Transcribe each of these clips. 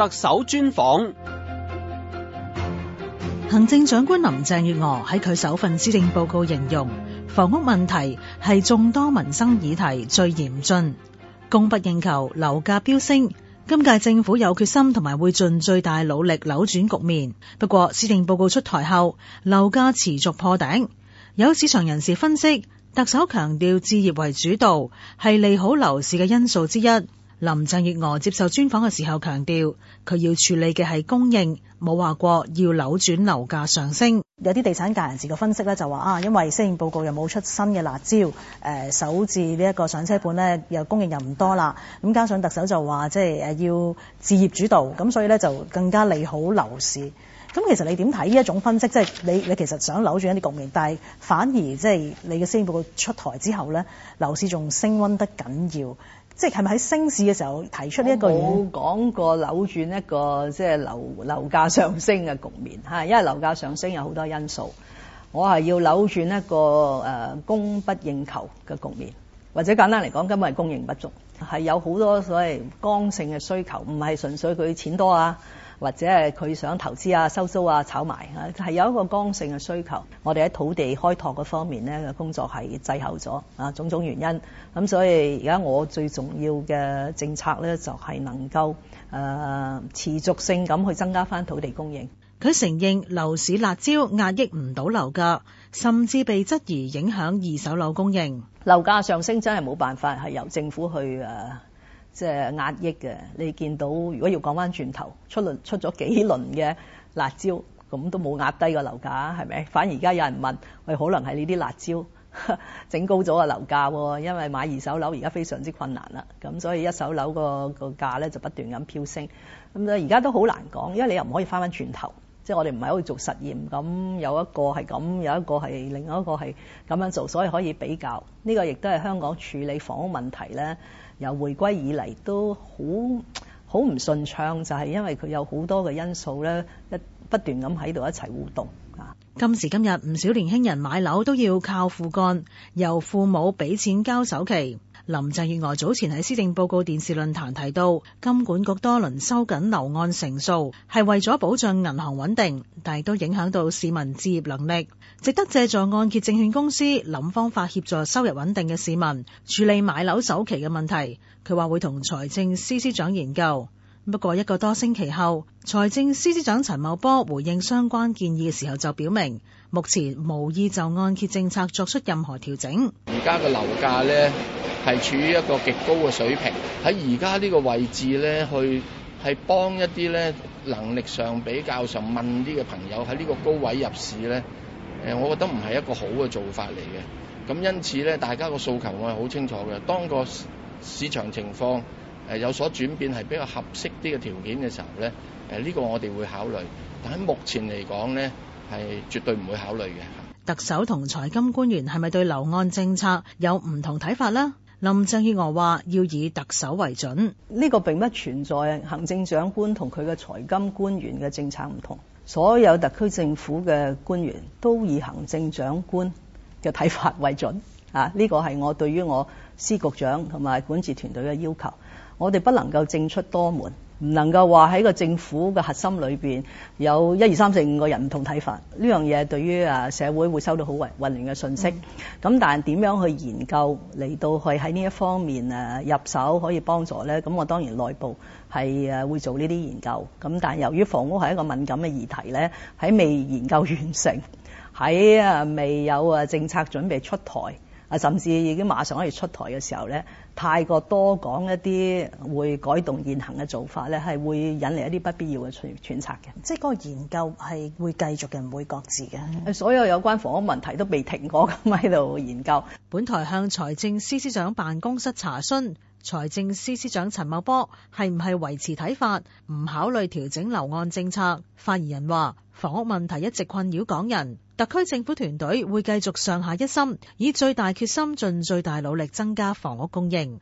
特首專訪，行政長官林鄭月娥喺佢首份施政報告形容，房屋問題係眾多民生議題最嚴峻，供不應求，樓價飆升。今屆政府有決心同埋會盡最大努力扭轉局面。不過，施政報告出台後，樓價持續破頂。有市場人士分析，特首強調置業為主導係利好樓市嘅因素之一。林鄭月娥接受專訪嘅時候強調，佢要處理嘅係供應，冇話過要扭轉樓價上升。有啲地產界人士嘅分析咧就話啊，因為《施政報告》又冇出新嘅辣椒，誒、呃，首置呢一個上車盤咧又供應又唔多啦。咁加上特首就話即係誒要置業主導，咁所以咧就更加利好樓市。咁其實你點睇呢一種分析？即係你你其實想扭轉一啲局面，但係反而即係你嘅《施政報告》出台之後咧，樓市仲升溫得緊要。即係咪喺升市嘅時候提出呢一個？我冇講過扭轉一個即係樓，樓價上升嘅局面吓，因為樓價上升有好多因素。我係要扭轉一個誒、呃、供不應求嘅局面，或者簡單嚟講，根本係供應不足，係有好多所謂剛性嘅需求，唔係純粹佢錢多啊。或者係佢想投資啊、收租啊、炒埋，係、就是、有一個剛性嘅需求。我哋喺土地開拓嗰方面呢嘅工作係滯後咗啊，種種原因。咁所以而家我最重要嘅政策呢，就係能夠、呃、持續性咁去增加翻土地供應。佢承認樓市辣椒壓抑唔到樓價，甚至被質疑影響二手樓供應。樓價上升真係冇辦法係由政府去、呃即係壓抑嘅，你見到如果要講翻轉頭，出出咗幾輪嘅辣招，咁都冇壓低個樓價，係咪？反而而家有人問，喂，可能係呢啲辣招整高咗個樓價，因為買二手樓而家非常之困難啦，咁所以一手樓、個個價咧就不斷咁飆升，咁咧而家都好難講，因為你又唔可以翻翻轉頭。即我哋唔係喺度做實驗，咁有一個係咁，有一個係另一個係咁樣做，所以可以比較。呢個亦都係香港處理房屋問題咧，由回歸以嚟都好好唔順暢，就係因為佢有好多嘅因素咧，一不斷咁喺度一齊互動。今時今日唔少年輕人買樓都要靠父幹，由父母俾錢交首期。林鄭月娥早前喺施政報告電視論壇提到，金管局多輪收緊樓按成數，係為咗保障銀行穩定，但係都影響到市民置業能力。值得借助按揭證券公司諗方法協助收入穩定嘅市民處理買樓首期嘅問題。佢話會同財政司司長研究。不過一個多星期後，財政司司長陳茂波回應相關建議嘅時候就表明，目前無意就按揭政策作出任何調整。而家嘅樓價呢，係處於一個極高嘅水平，喺而家呢個位置呢，去係幫一啲呢能力上比較上問啲嘅朋友喺呢個高位入市呢。誒，我覺得唔係一個好嘅做法嚟嘅。咁因此呢，大家個訴求我係好清楚嘅，當個市場情況係有所轉變係比較合適啲嘅條件嘅時候咧，誒、這、呢個我哋會考慮，但喺目前嚟講咧係絕對唔會考慮嘅。特首同財金官員係咪對樓按政策有唔同睇法呢？林鄭月娥話：要以特首為準，呢、這個並不存在行政長官同佢嘅財金官員嘅政策唔同，所有特區政府嘅官員都以行政長官嘅睇法為準。啊！呢個係我對於我司局長同埋管治團隊嘅要求。我哋不能夠政出多門，唔能夠話喺個政府嘅核心裏邊有一二三四五個人唔同睇法。呢樣嘢對於啊社會會收到好混混亂嘅信息。咁但係點樣去研究嚟到去喺呢一方面誒入手可以幫助呢？咁我當然內部係誒會做呢啲研究。咁但係由於房屋係一個敏感嘅議題呢，喺未研究完成，喺啊未有啊政策準備出台。啊，甚至已經馬上可以出台嘅時候咧，太過多講一啲會改動現行嘅做法咧，係會引嚟一啲不必要嘅揣揣測嘅。即係嗰個研究係會繼續嘅，唔會擱置嘅。所有有關房屋問題都未停過咁喺度研究。本台向財政司司長辦公室查詢，財政司司長陳茂波係唔係維持睇法，唔考慮調整樓按政策？發言人話。房屋問題一直困擾港人，特區政府團隊會繼續上下一心，以最大決心盡最大努力增加房屋供應。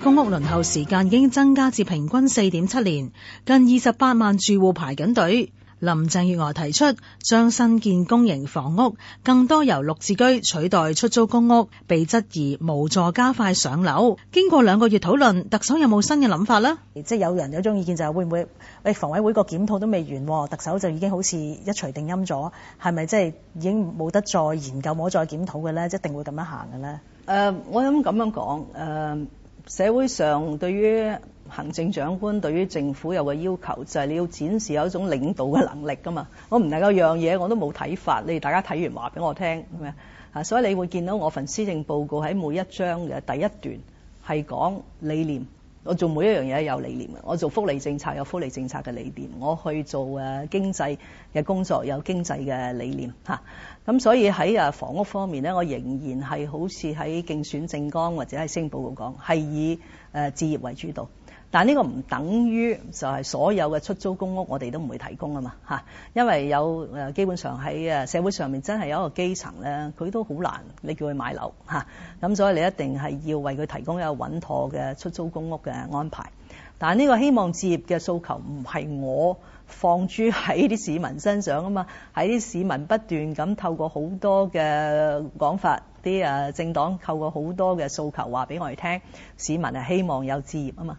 公屋輪候時間已經增加至平均四點七年，近二十八萬住戶排緊隊，隊。林鄭月娥提出將新建公營房屋更多由綠置居取代出租公屋，被質疑無助加快上樓。經過兩個月討論，特首有冇新嘅諗法呢？即係有人有種意見就係、是、會唔會？喂，房委會個檢討都未完，哦，特首就已經好似一錘定音咗，係咪即係已經冇得再研究，冇得再檢討嘅呢？一定會咁樣行嘅呢？誒、呃，我諗咁樣講，誒、呃，社會上對於。行政長官對於政府有個要求，就係你要展示有一種領導嘅能力㗎嘛。我唔能夠樣嘢，我都冇睇法。你哋大家睇完話俾我聽，咁樣吓。所以你會見到我份施政報告喺每一章嘅第一段係講理念。我做每一樣嘢有理念嘅，我做福利政策有福利政策嘅理念，我去做誒經濟嘅工作有經濟嘅理念吓。咁所以喺誒房屋方面咧，我仍然係好似喺競選政綱或者係施政報告講係以誒置業為主導。但呢個唔等於就係所有嘅出租公屋，我哋都唔會提供啊嘛嚇，因為有誒，基本上喺誒社會上面真係有一個基層咧，佢都好難你叫佢買樓嚇，咁，所以你一定係要為佢提供一個穩妥嘅出租公屋嘅安排。但呢個希望置業嘅訴求唔係我放諸喺啲市民身上啊嘛，喺啲市民不斷咁透過好多嘅講法，啲誒政黨透過好多嘅訴求話俾我哋聽，市民係希望有置業啊嘛。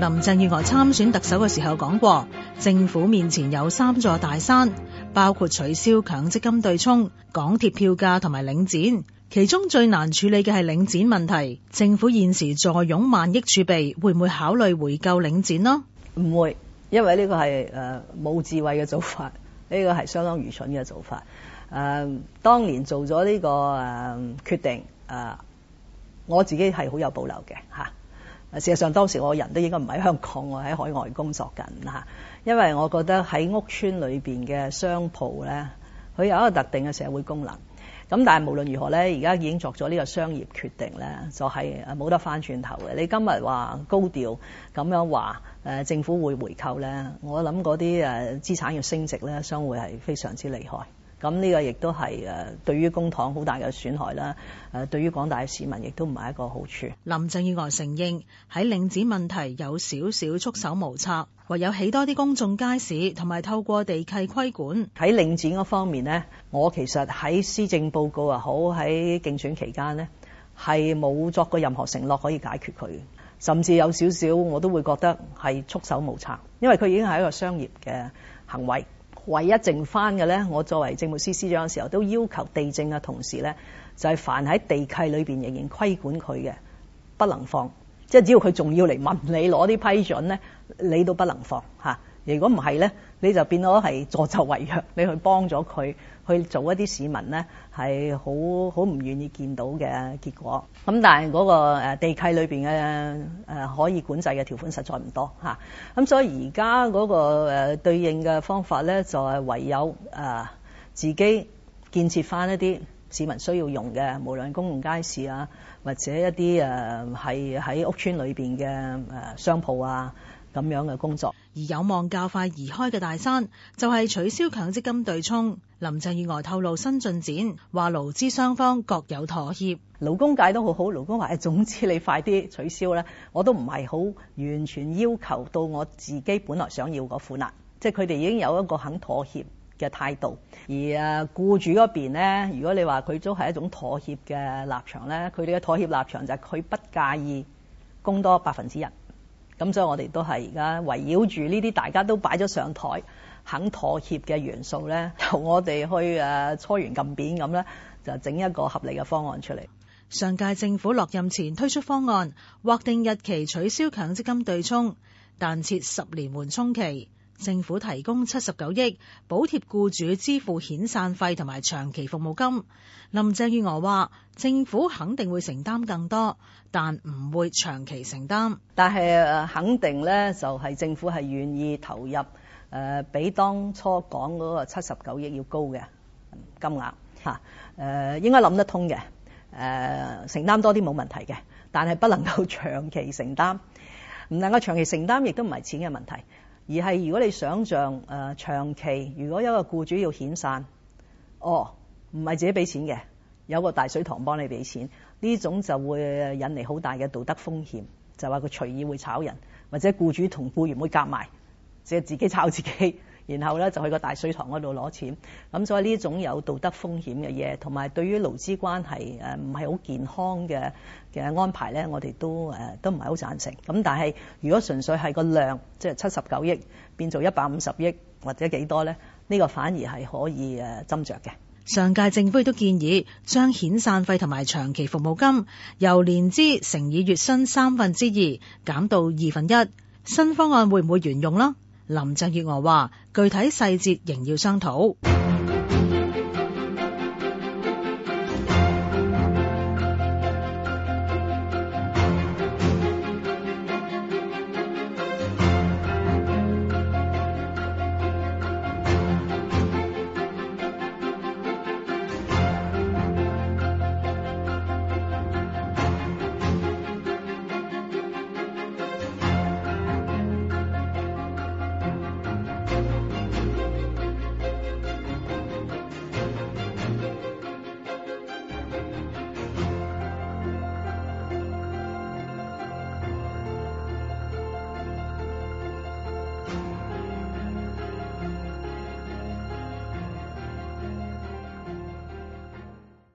林鄭月娥參選特首嘅時候講過，政府面前有三座大山，包括取消強積金對沖、港鐵票價同埋領展，其中最難處理嘅係領展問題。政府現時坐擁萬億儲備，會唔會考慮回購領展呢？唔會，因為呢個係誒冇智慧嘅做法，呢、這個係相當愚蠢嘅做法。誒、呃，當年做咗呢、這個誒、呃、決定，誒、呃，我自己係好有保留嘅吓。啊事實上當時我人都應該唔喺香港，我喺海外工作緊。因為我覺得喺屋村裏邊嘅商鋪咧，佢有一個特定嘅社會功能。咁但係無論如何咧，而家已經作咗呢個商業決定咧，就係誒冇得翻轉頭嘅。你今日話高調咁樣話，誒政府會回購咧，我諗嗰啲資產要升值咧，相會係非常之厲害。咁、這、呢個亦都係對於公帑好大嘅損害啦，對於廣大市民亦都唔係一個好處。林鄭月娥承認喺領展問題有少少束手無策，唯有起多啲公眾街市同埋透過地契規管。喺領展嗰方面呢，我其實喺施政報告也好，喺競選期間呢，係冇作過任何承諾可以解決佢，甚至有少少我都會覺得係束手無策，因為佢已經係一個商業嘅行為。唯一剩翻嘅咧，我作為政務司司長嘅時候，都要求地政嘅同事咧，就係、是、凡喺地契裏邊仍然規管佢嘅，不能放，即係只要佢仲要嚟問你攞啲批准咧，你都不能放吓。如果唔係咧。你就變咗係助紂為虐，你去幫咗佢去做一啲市民咧，係好好唔願意見到嘅結果。咁但係嗰個地契裏邊嘅誒可以管制嘅條款實在唔多嚇。咁所以而家嗰個誒對應嘅方法咧，就係唯有誒自己建設翻一啲市民需要用嘅，無論公共街市啊，或者一啲誒係喺屋村裏邊嘅誒商鋪啊。咁樣嘅工作，而有望較快移開嘅大山就係、是、取消強積金對沖。林鄭月娥透露新進展，話勞資雙方各有妥協。勞工界都好好，勞工話誒，總之你快啲取消啦，我都唔係好完全要求到我自己本來想要嗰款啦，即係佢哋已經有一個肯妥協嘅態度。而誒僱主嗰邊咧，如果你話佢都係一種妥協嘅立場咧，佢哋嘅妥協立場就係佢不介意供多百分之一。咁所以我哋都係而家圍繞住呢啲大家都擺咗上台肯妥協嘅元素咧，由我哋去誒搓圓撳扁咁咧，就整一個合理嘅方案出嚟。上屆政府落任前推出方案，劃定日期取消強積金對沖，但設十年緩衝期。政府提供七十九億補貼，雇主支付遣散費同埋長期服務金。林鄭月娥話，政府肯定會承擔更多，但唔會長期承擔。但係肯定咧，就係政府係願意投入誒、呃、比當初講嗰個七十九億要高嘅金額吓誒，應該諗得通嘅誒、呃、承擔多啲冇問題嘅，但係不能夠長期承擔，唔能夠長期承擔，亦都唔係錢嘅問題。而係如果你想象、呃、長期，如果有一個僱主要遣散，哦，唔係自己俾錢嘅，有個大水塘幫你俾錢，呢種就會引嚟好大嘅道德風險，就話佢隨意會炒人，或者僱主同僱員會夾埋，只係自己炒自己。然後咧就去個大水塘嗰度攞錢，咁所以呢種有道德風險嘅嘢，同埋對於勞資關係唔係好健康嘅嘅安排、就是、呢，我哋都都唔係好贊成。咁但係如果純粹係個量，即係七十九億變做一百五十億或者幾多呢，呢個反而係可以誒斟酌嘅。上屆政府亦都建議將遣散費同埋長期服務金由年資乘以月薪三分之二減到二分一，新方案會唔會沿用呢？林鄭月娥話，具體細節仍要商討。